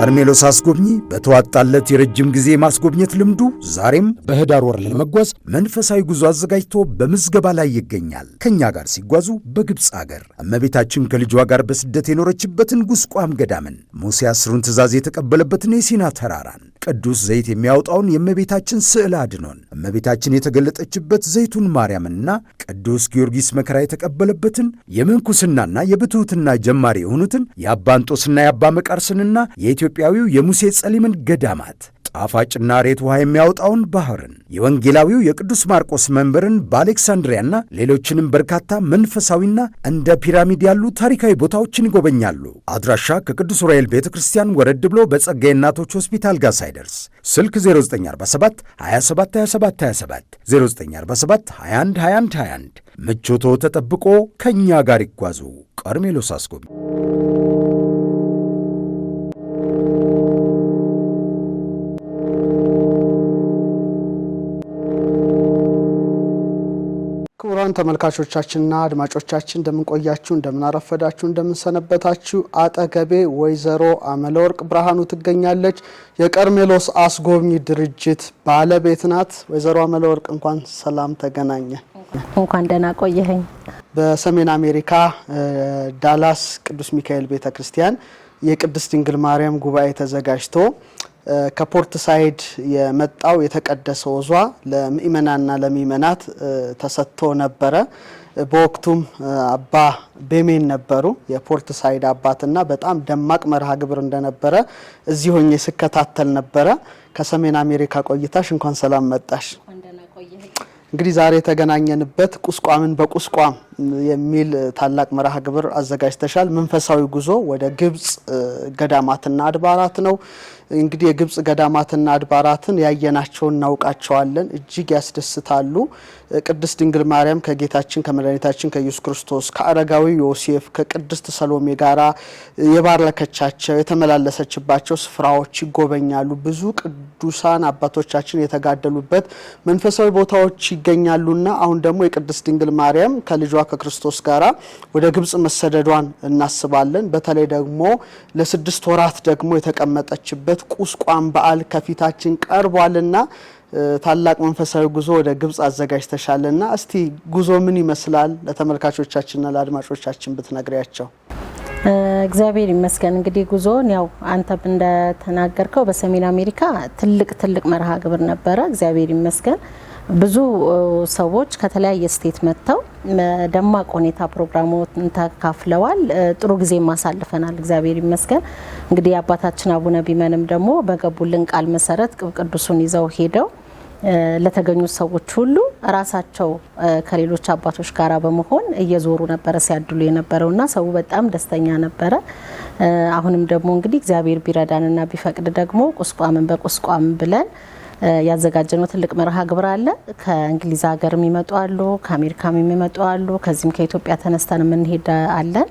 ቀርሜሎስ አስጎብኚ በተዋጣለት የረጅም ጊዜ ማስጎብኘት ልምዱ ዛሬም በህዳር ወር ለመጓዝ መንፈሳዊ ጉዞ አዘጋጅቶ በምዝገባ ላይ ይገኛል። ከእኛ ጋር ሲጓዙ በግብፅ አገር እመቤታችን ከልጇ ጋር በስደት የኖረችበትን ጉስቋም ገዳምን ሙሴ አስሩን ትእዛዝ የተቀበለበትን የሲና ተራራን ቅዱስ ዘይት የሚያወጣውን የእመቤታችን ስዕል አድኖን እመቤታችን የተገለጠችበት ዘይቱን ማርያምና ቅዱስ ጊዮርጊስ መከራ የተቀበለበትን የምንኩስናና የብትሁትና ጀማሪ የሆኑትን የአባ እንጦስና የአባ መቃርስንና የኢትዮጵያዊው የሙሴ ጸሊምን ገዳማት ጣፋጭና ሬት ውሃ የሚያወጣውን ባህርን የወንጌላዊው የቅዱስ ማርቆስ መንበርን በአሌክሳንድሪያና ሌሎችንም በርካታ መንፈሳዊና እንደ ፒራሚድ ያሉ ታሪካዊ ቦታዎችን ይጎበኛሉ። አድራሻ ከቅዱስ ራኤል ቤተ ክርስቲያን ወረድ ብሎ በጸጋዬ እናቶች ሆስፒታል ጋር ሳይደርስ ስልክ 0947 27 27 27 0947 21 21 21 ምቾቶ ተጠብቆ ከእኛ ጋር ይጓዙ። ቀርሜሎስ አስጎብኝ ክቡራን ተመልካቾቻችንና አድማጮቻችን እንደምንቆያችሁ፣ እንደምናረፈዳችሁ፣ እንደምንሰነበታችሁ። አጠገቤ ወይዘሮ አመለወርቅ ብርሃኑ ትገኛለች። የቀርሜሎስ አስጎብኚ ድርጅት ባለቤት ናት። ወይዘሮ አመለወርቅ እንኳን ሰላም ተገናኘ። እንኳን ደህና ቆየኸኝ። በሰሜን አሜሪካ ዳላስ ቅዱስ ሚካኤል ቤተ ክርስቲያን የቅድስት ድንግል ማርያም ጉባኤ ተዘጋጅቶ ከፖርት ሳይድ የመጣው የተቀደሰ ወዟ ለምእመናና ለምእመናት ተሰጥቶ ነበረ። በወቅቱም አባ ቤሜን ነበሩ የፖርት ሳይድ አባትና በጣም ደማቅ መርሃ ግብር እንደነበረ እዚህ ሆኜ ስከታተል ነበረ። ከሰሜን አሜሪካ ቆይታሽ እንኳን ሰላም መጣሽ። እንግዲህ ዛሬ የተገናኘንበት ቁስቋምን በቁስቋም የሚል ታላቅ መርሃ ግብር አዘጋጅተሻል። መንፈሳዊ ጉዞ ወደ ግብጽ ገዳማትና አድባራት ነው። እንግዲህ የግብጽ ገዳማትና አድባራትን ያየናቸው እናውቃቸዋለን፣ እጅግ ያስደስታሉ። ቅድስት ድንግል ማርያም ከጌታችን ከመድኃኒታችን ከኢየሱስ ክርስቶስ ከአረጋዊ ዮሴፍ ከቅድስት ሰሎሜ ጋራ የባረከቻቸው የተመላለሰችባቸው ስፍራዎች ይጎበኛሉ። ብዙ ቅዱሳን አባቶቻችን የተጋደሉበት መንፈሳዊ ቦታዎች ይገኛሉና አሁን ደግሞ የቅድስት ድንግል ማርያም ከልጇ ከክርስቶስ ጋራ ወደ ግብጽ መሰደዷን እናስባለን። በተለይ ደግሞ ለስድስት ወራት ደግሞ የተቀመጠችበት የጥምቀት ቁስቋም በዓል ከፊታችን ቀርቧልና ታላቅ መንፈሳዊ ጉዞ ወደ ግብጽ አዘጋጅተሻልና እስቲ ጉዞ ምን ይመስላል ለተመልካቾቻችንና ለአድማጮቻችን ብትነግሪያቸው። እግዚአብሔር ይመስገን እንግዲህ ጉዞን ያው አንተ እንደተናገርከው በሰሜን አሜሪካ ትልቅ ትልቅ መርሃ ግብር ነበረ። እግዚአብሔር ይመስገን ብዙ ሰዎች ከተለያየ ስቴት መጥተው ደማቅ ሁኔታ ፕሮግራሙን ተካፍለዋል። ጥሩ ጊዜ ማሳልፈናል፣ እግዚአብሔር ይመስገን። እንግዲህ አባታችን አቡነ ቢመንም ደግሞ በገቡልን ቃል መሰረት ቅብ ቅዱሱን ይዘው ሄደው ለተገኙት ሰዎች ሁሉ ራሳቸው ከሌሎች አባቶች ጋር በመሆን እየዞሩ ነበረ ሲያድሉ የነበረውና ሰው በጣም ደስተኛ ነበረ። አሁንም ደግሞ እንግዲህ እግዚአብሔር ቢረዳንና ቢፈቅድ ደግሞ ቁስቋምን በቁስቋም ብለን ያዘጋጀነው ትልቅ መርሃ ግብር አለ። ከእንግሊዝ ሀገር የሚመጡ አሉ፣ ከአሜሪካ የሚመጡ አሉ፣ ከዚህም ከኢትዮጵያ ተነስተን የምንሄድ አለን።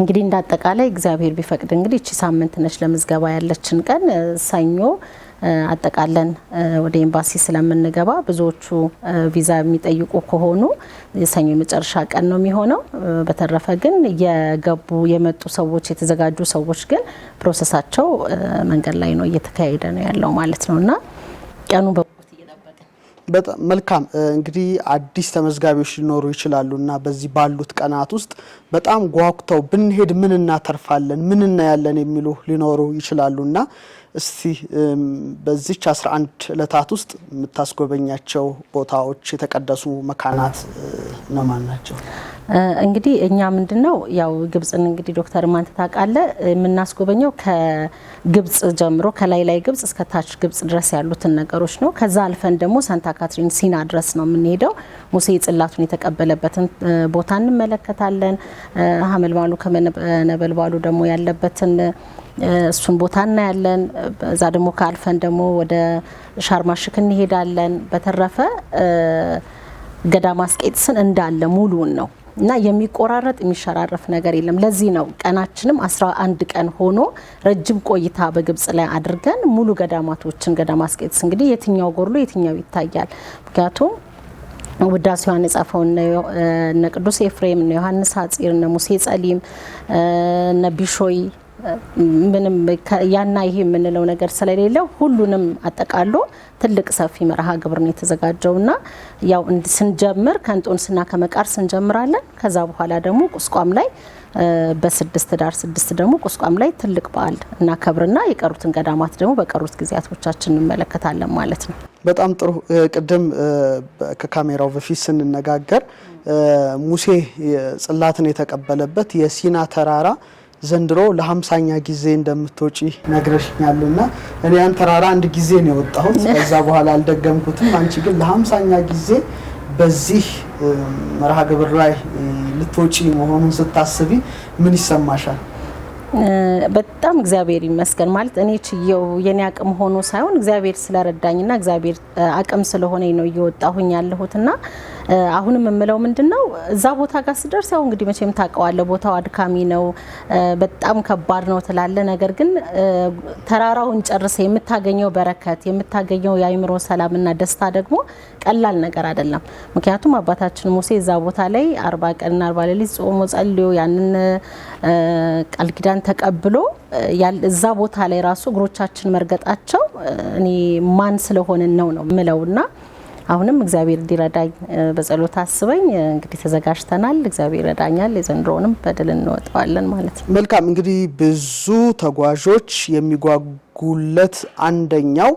እንግዲህ እንደ አጠቃላይ እግዚአብሔር ቢፈቅድ እንግዲህ እቺ ሳምንት ነች ለምዝገባ ያለችን ቀን ሰኞ አጠቃለን ወደ ኤምባሲ ስለምንገባ ብዙዎቹ ቪዛ የሚጠይቁ ከሆኑ የሰኞ የመጨረሻ ቀን ነው የሚሆነው። በተረፈ ግን የገቡ የመጡ ሰዎች የተዘጋጁ ሰዎች ግን ፕሮሰሳቸው መንገድ ላይ ነው እየተካሄደ ነው ያለው ማለት ነው እና ቀኑ በጉጉት እየጠበቅን በጣም መልካም እንግዲህ አዲስ ተመዝጋቢዎች ሊኖሩ ይችላሉ እና በዚህ ባሉት ቀናት ውስጥ በጣም ጓጉተው ብንሄድ ምን እናተርፋለን፣ ምን እናያለን የሚሉ ሊኖሩ ይችላሉ እና እስቲ በዚች 11 ዕለታት ውስጥ የምታስጎበኛቸው ቦታዎች የተቀደሱ መካናት እነማን ናቸው? እንግዲህ እኛ ምንድነው ያው ግብጽን እንግዲህ ዶክተር ማንተ ታውቃለህ የምናስጎበኘው ከግብጽ ጀምሮ ከላይ ላይ ግብፅ እስከ ታች ግብጽ ድረስ ያሉትን ነገሮች ነው። ከዛ አልፈን ደግሞ ሳንታ ካትሪን ሲና ድረስ ነው የምንሄደው። ሙሴ ጽላቱን የተቀበለበትን ቦታ እንመለከታለን። ሀመልማሉ ከመነበልባሉ ደግሞ ያለበትን እሱን ቦታ እናያለን። በዛ ደግሞ ከአልፈን ደግሞ ወደ ሻርማሽክ እንሄዳለን። በተረፈ ገዳማ አስቄጥስን እንዳለ ሙሉውን ነው እና የሚቆራረጥ የሚሸራረፍ ነገር የለም። ለዚህ ነው ቀናችንም አስራ አንድ ቀን ሆኖ ረጅም ቆይታ በግብጽ ላይ አድርገን ሙሉ ገዳማቶችን ገዳማ እንግዲህ የትኛው ጎድሎ የትኛው ይታያል። ምክንያቱም ዮሐን የጻፈው እነ ቅዱስ ኤፍሬም፣ እነ ዮሐንስ ሐጺር፣ እነ ሙሴ ጸሊም፣ እነ ቢሾይ ምንም ያና ይሄ የምንለው ነገር ስለሌለው ሁሉንም አጠቃሎ ትልቅ ሰፊ መርሃ ግብር ነው ና ያው ስንጀምር ከእንጦንስና ከመቃርስ እንጀምራለን። ከዛ በኋላ ደግሞ ቁስቋም ላይ በስድስት ዳር ስድስት ደግሞ ቁስቋም ላይ ትልቅ በዓል እናከብርና የቀሩትን ገዳማት ደግሞ በቀሩት ጊዜያቶቻችን እንመለከታለን ማለት ነው። በጣም ጥሩ። ቅድም ከካሜራው በፊት ስንነጋገር ሙሴ ጽላትን የተቀበለበት የሲና ተራራ ዘንድሮ ለሀምሳኛ ጊዜ እንደምትወጪ ነግረሽኛል እና እኔ ያን ተራራ አንድ ጊዜ ነው የወጣሁት። ከዛ በኋላ አልደገምኩትም። አንቺ ግን ለሀምሳኛ ጊዜ በዚህ መርሃ ግብር ላይ ልትወጪ መሆኑን ስታስቢ ምን ይሰማሻል? በጣም እግዚአብሔር ይመስገን ማለት እኔ ችየው የኔ አቅም ሆኖ ሳይሆን እግዚአብሔር ስለረዳኝና እግዚአብሔር አቅም ስለሆነኝ ነው እየወጣሁኝ ያለሁትና አሁንም የምለው ምንድን ነው እዛ ቦታ ጋር ስደርስ ያው እንግዲህ መቼም ታውቀዋለህ፣ ቦታው አድካሚ ነው፣ በጣም ከባድ ነው ትላለ ነገር ግን ተራራውን ጨርሰ የምታገኘው በረከት የምታገኘው የአእምሮ ሰላምና ደስታ ደግሞ ቀላል ነገር አይደለም። ምክንያቱም አባታችን ሙሴ እዛ ቦታ ላይ አርባ ቀንና አርባ ሌሊት ጾሞ ጸልዮ ያንን ቃል ኪዳን ተቀብሎ እዛ ቦታ ላይ ራሱ እግሮቻችን መርገጣቸው እኔ ማን ስለሆነ ነው ነው ምለውና አሁንም እግዚአብሔር እንዲረዳኝ በጸሎት አስበኝ እንግዲህ ተዘጋጅተናል። እግዚአብሔር ይረዳኛል። የዘንድሮውንም በድል እንወጠዋለን ማለት ነው። መልካም እንግዲህ ብዙ ተጓዦች የሚጓጉለት አንደኛው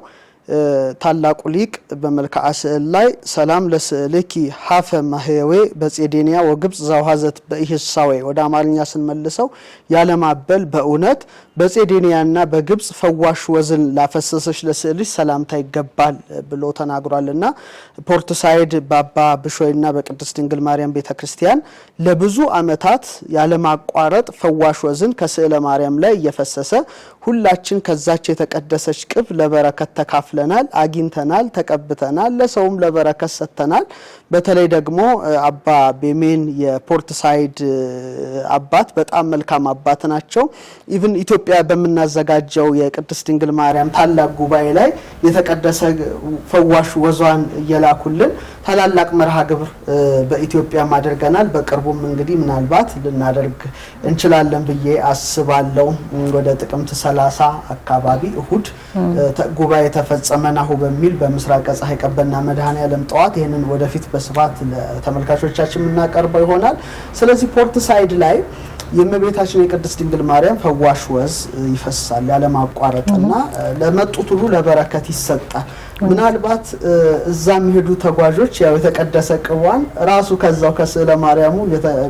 ታላቁ ሊቅ በመልክዓ ስዕል ላይ ሰላም ለስዕልኪ ሀፈ ማህዌ በጼዴንያ ወግብፅ ዘውሃዘት በኢህሳዌ ወደ አማርኛ ስንመልሰው ያለማበል በእውነት በጼዴንያና በግብፅ ፈዋሽ ወዝን ላፈሰሰች ለስዕልሽ ሰላምታ ይገባል ብሎ ተናግሯል ና ፖርትሳይድ በአባ ብሾይና በቅድስት ድንግል ማርያም ቤተ ክርስቲያን ለብዙ አመታት ያለማቋረጥ ፈዋሽ ወዝን ከስዕለ ማርያም ላይ እየፈሰሰ ሁላችን ከዛች የተቀደሰች ቅብ ለበረከት ተካፍለ ከፍለናል፣ አግኝተናል፣ ተቀብተናል፣ ለሰውም ለበረከት ሰጥተናል። በተለይ ደግሞ አባ ቤሜን የፖርት ሳይድ አባት በጣም መልካም አባት ናቸው። ኢቭን ኢትዮጵያ በምናዘጋጀው የቅድስት ድንግል ማርያም ታላቅ ጉባኤ ላይ የተቀደሰ ፈዋሽ ወዟን እየላኩልን ታላላቅ መርሃ ግብር በኢትዮጵያም አድርገናል። በቅርቡም እንግዲህ ምናልባት ልናደርግ እንችላለን ብዬ አስባለው ወደ ጥቅምት ሰላሳ አካባቢ እሁድ ጉባኤ ተፈጽ ገጸ በሚል በምስራቀ ፀሐይ ቀበና መድኃኔ ዓለም ጠዋት ይህንን ወደፊት በስፋት ለተመልካቾቻችን የምናቀርበው ይሆናል። ስለዚህ ፖርት ሳይድ ላይ የእመቤታችን የቅድስት ድንግል ማርያም ፈዋሽ ወዝ ይፈሳል ያለማቋረጥና ለመጡት ሁሉ ለበረከት ይሰጣል። ምናልባት እዛ የሚሄዱ ተጓዦች ያው የተቀደሰ ቅቧን ራሱ ከዛው ከስዕለ ማርያሙ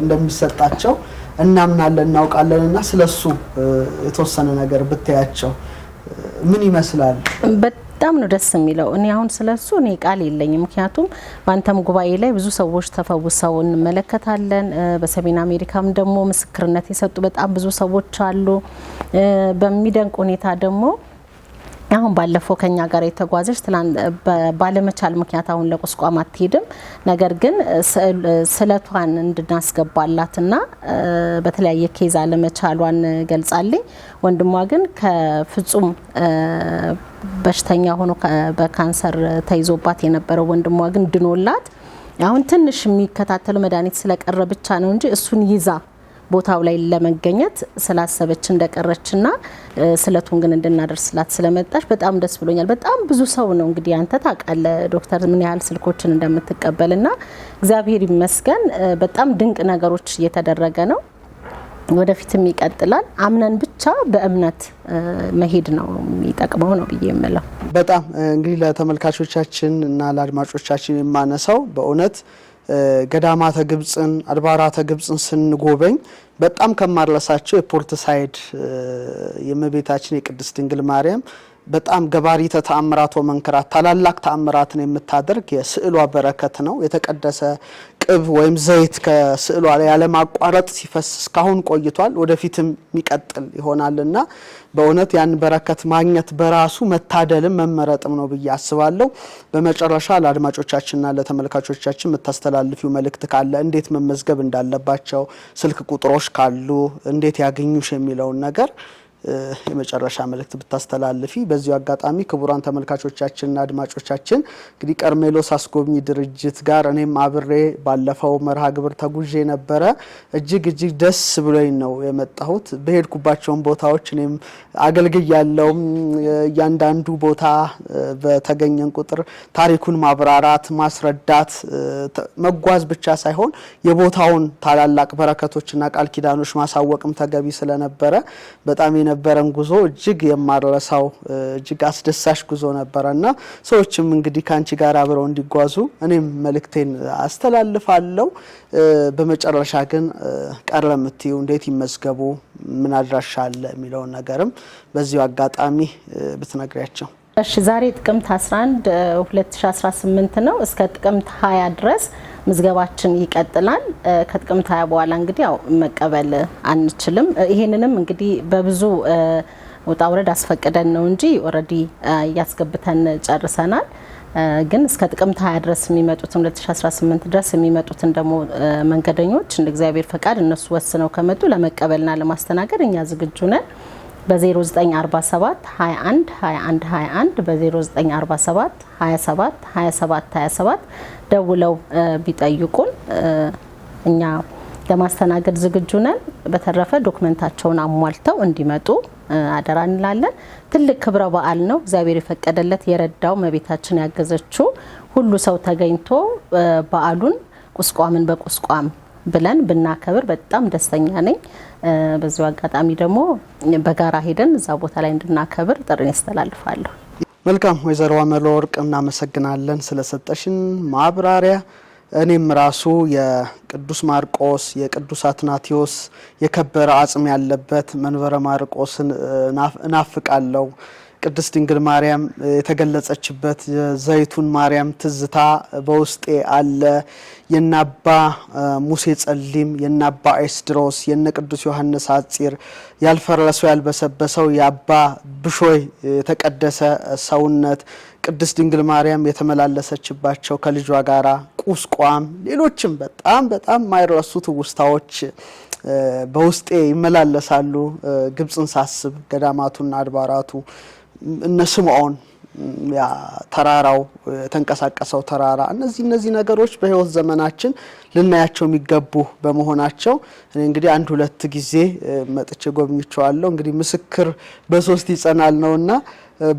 እንደሚሰጣቸው እናምናለን እናውቃለን። እና ስለሱ የተወሰነ ነገር ብታያቸው ምን ይመስላል? በጣም ነው ደስ የሚለው። እኔ አሁን ስለሱ እኔ ቃል የለኝም። ምክንያቱም በአንተም ጉባኤ ላይ ብዙ ሰዎች ተፈውሰው እንመለከታለን። በሰሜን አሜሪካም ደግሞ ምስክርነት የሰጡ በጣም ብዙ ሰዎች አሉ። በሚደንቅ ሁኔታ ደግሞ አሁን ባለፈው ከኛ ጋር የተጓዘች ባለመቻል ምክንያት አሁን ለቁስቋም አትሄድም። ነገር ግን ስለቷን እንድናስገባላትና በተለያየ ኬዝ አለመቻሏን ገልጻልኝ። ወንድሟ ግን ከፍጹም በሽተኛ ሆኖ በካንሰር ተይዞባት የነበረው ወንድሟ ግን ድኖላት አሁን ትንሽ የሚከታተሉ መድኃኒት ስለቀረ ብቻ ነው እንጂ እሱን ይዛ ቦታው ላይ ለመገኘት ስላሰበች እንደቀረችና ስለቱን ግን እንድናደርስላት ስለመጣች በጣም ደስ ብሎኛል። በጣም ብዙ ሰው ነው እንግዲህ አንተ ታውቃለህ ዶክተር ምን ያህል ስልኮችን እንደምትቀበልና እግዚአብሔር ይመስገን በጣም ድንቅ ነገሮች እየተደረገ ነው። ወደፊትም ይቀጥላል። አምነን ብቻ በእምነት መሄድ ነው የሚጠቅመው ነው ብዬ የምለው። በጣም እንግዲህ ለተመልካቾቻችን እና ለአድማጮቻችን የማነሳው በእውነት ገዳማተ ግብፅን አድባራተ ግብፅን ስንጎበኝ በጣም ከማድረሳቸው የፖርት ሳይድ የእመቤታችን የቅድስት ድንግል ማርያም በጣም ገባሪተ ተአምራት ወመንክራት ታላላቅ ተአምራትን የምታደርግ የስዕሏ በረከት ነው። የተቀደሰ ቅብ ወይም ዘይት ከስዕሏ ላይ ያለማቋረጥ ሲፈስ እስካሁን ቆይቷል። ወደፊትም የሚቀጥል ይሆናል እና በእውነት ያን በረከት ማግኘት በራሱ መታደልም መመረጥም ነው ብዬ አስባለሁ። በመጨረሻ ለአድማጮቻችንና ለተመልካቾቻችን የምታስተላልፊው መልእክት ካለ እንዴት መመዝገብ እንዳለባቸው፣ ስልክ ቁጥሮች ካሉ እንዴት ያገኙሽ የሚለውን ነገር የመጨረሻ መልእክት ብታስተላልፊ። በዚሁ አጋጣሚ ክቡራን ተመልካቾቻችንና አድማጮቻችን እንግዲህ ቀርሜሎስ አስጎብኚ ድርጅት ጋር እኔም አብሬ ባለፈው መርሃ ግብር ተጉዤ ነበረ። እጅግ እጅግ ደስ ብሎኝ ነው የመጣሁት። በሄድኩባቸውን ቦታዎች እኔም ያለውም እያንዳንዱ ቦታ በተገኘን ቁጥር ታሪኩን ማብራራት፣ ማስረዳት መጓዝ ብቻ ሳይሆን የቦታውን ታላላቅ በረከቶችና ቃል ኪዳኖች ማሳወቅም ተገቢ ስለነበረ በጣም የነበረን ጉዞ እጅግ የማረሳው እጅግ አስደሳች ጉዞ ነበረ እና ሰዎችም እንግዲህ ከአንቺ ጋር አብረው እንዲጓዙ እኔም መልእክቴን አስተላልፋለሁ። በመጨረሻ ግን ቀረ የምትዩ እንዴት ይመዝገቡ፣ ምን አድራሻ አለ የሚለውን ነገርም በዚሁ አጋጣሚ ብትነግሪያቸው። እሺ ዛሬ ጥቅምት 11 2018 ነው። እስከ ጥቅምት 20 ድረስ ምዝገባችን ይቀጥላል። ከጥቅምት ሃያ በኋላ እንግዲህ ያው መቀበል አንችልም። ይሄንንም እንግዲህ በብዙ ውጣ ውረድ አስፈቅደን ነው እንጂ ኦልሬዲ እያስገብተን ጨርሰናል። ግን እስከ ጥቅምት 20 ድረስ የሚመጡትን 2018 ድረስ የሚመጡትን ደግሞ መንገደኞች እንደ እግዚአብሔር ፈቃድ እነሱ ወስነው ከመጡ ለመቀበልና ለማስተናገድ እኛ ዝግጁ ነን። በ0947 21 21 21 በ0947 27 27 27 ደውለው ቢጠይቁን እኛ ለማስተናገድ ዝግጁ ነን። በተረፈ ዶክመንታቸውን አሟልተው እንዲመጡ አደራ እንላለን። ትልቅ ክብረ በዓል ነው። እግዚአብሔር የፈቀደለት የረዳው ያገዘችው ሁሉ ሰው ተገኝቶ በዓሉን ቁስቋምን በቁስቋም ብለን ብናከብር በጣም ደስተኛ ነኝ። በዚሁ አጋጣሚ ደግሞ በጋራ ሄደን እዛ ቦታ ላይ እንድናከብር ጥሪን ያስተላልፋለሁ። መልካም ወይዘሮ ወርቅ እናመሰግናለን ስለሰጠሽን ማብራሪያ። እኔም ራሱ የቅዱስ ማርቆስ የቅዱስ አትናቴዎስ የከበረ አጽም ያለበት መንበረ ማርቆስን እናፍቃለሁ ቅድስት ድንግል ማርያም የተገለጸችበት የዘይቱን ማርያም ትዝታ በውስጤ አለ። የናባ ሙሴ ጸሊም፣ የናባ ኤስድሮስ፣ የነ ቅዱስ ዮሐንስ አጺር፣ ያልፈረሰው ያልበሰበሰው የአባ ብሾይ የተቀደሰ ሰውነት ቅድስት ድንግል ማርያም የተመላለሰችባቸው ከልጇ ጋራ ቁስቋም፣ ሌሎችም በጣም በጣም የማይረሱ ውስታዎች በውስጤ ይመላለሳሉ። ግብፅን ሳስብ ገዳማቱና አድባራቱ እነ ስምዖን ያ ተራራው የተንቀሳቀሰው ተራራ እነዚህ እነዚህ ነገሮች በህይወት ዘመናችን ልናያቸው የሚገቡ በመሆናቸው እኔ እንግዲህ አንድ ሁለት ጊዜ መጥቼ ጎብኝቸዋለሁ። እንግዲህ ምስክር በሶስት ይጸናል ነውና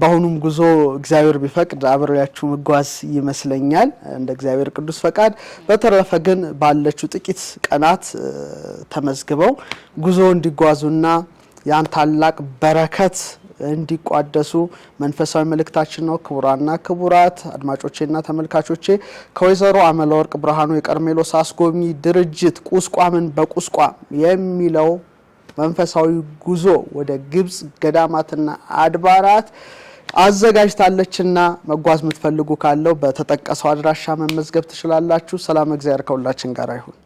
በአሁኑም ጉዞ እግዚአብሔር ቢፈቅድ አብሬያችሁ መጓዝ ይመስለኛል እንደ እግዚአብሔር ቅዱስ ፈቃድ። በተረፈ ግን ባለችው ጥቂት ቀናት ተመዝግበው ጉዞ እንዲጓዙና ያን ታላቅ በረከት እንዲቋደሱ መንፈሳዊ መልእክታችን ነው። ክቡራና ክቡራት አድማጮቼና ተመልካቾቼ ከወይዘሮ አመለወርቅ ብርሃኑ የቀርሜሎስ አስጎብኚ ድርጅት ቁስቋምን በቁስቋም የሚለው መንፈሳዊ ጉዞ ወደ ግብጽ ገዳማትና አድባራት አዘጋጅታለችና መጓዝ የምትፈልጉ ካለው በተጠቀሰው አድራሻ መመዝገብ ትችላላችሁ። ሰላም፣ እግዚአብሔር ከሁላችን ጋር ይሁን።